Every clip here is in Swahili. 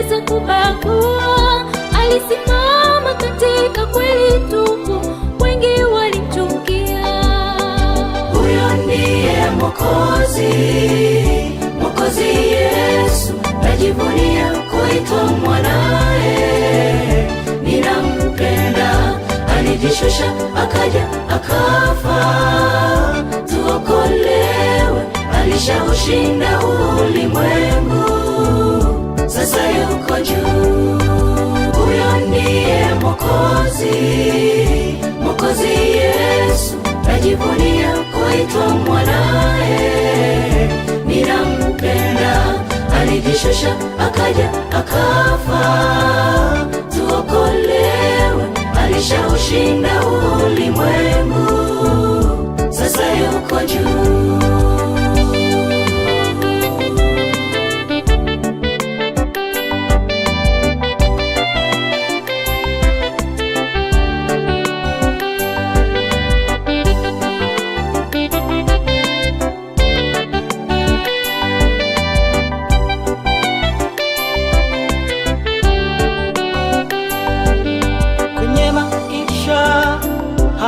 hakuweza kubagua, alisimama katika kweli tupu, wengi walimchukia. Huyo ndiye Mwokozi, Mwokozi Yesu, najivunia kuitwa mwanaye, ninampenda, alijishusha akaja akafa, tuokolewe, alishaushinda naye ninampenda, alijishusha akaja akafa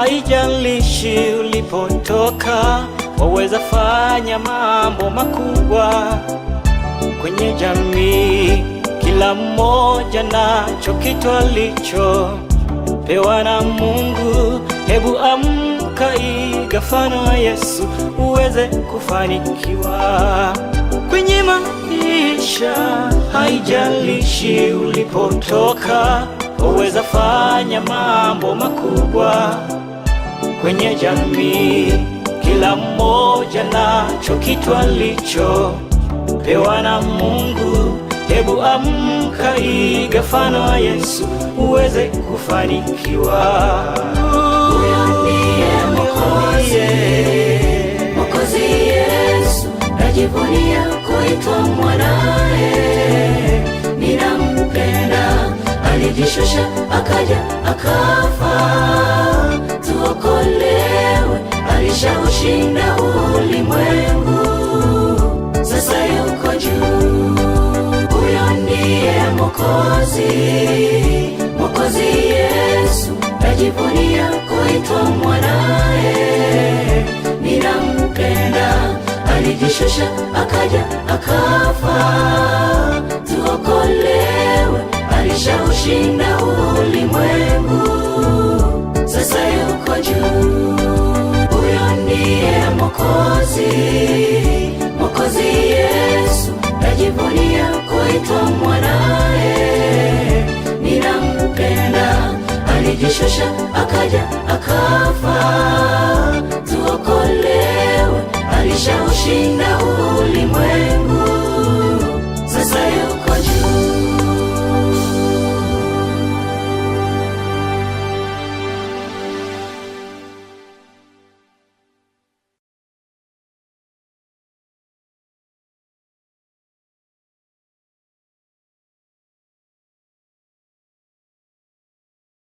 haijalishi ulipotoka, waweza fanya mambo makubwa kwenye jamii. Kila mmoja nacho kitu pewa na Mungu. Hebu amka, iga mfano wa Yesu uweze kufanikiwa kwenye maisha, haijalishi ulipotoka waweza fanya mambo makubwa kwenye jamii. Kila mmoja nacho kitu pewa na Mungu. Hebu amka, iga mfano wa Yesu uweze kufanikiwa. Mwokozi Yesu, najivunia kuitwa mwanae akajishusha akaja akafa tuokolewe, alishaushinda ulimwengu, sasa yuko juu. Huyo ndiye Mwokozi, Mwokozi Yesu, najivunia kuitwa mwanaye, ninampenda. Alijishusha akaja akafa Mwokozi, Mwokozi Yesu, najivunia kuitwa mwanae. Ninampenda, alijishusha akaja akafa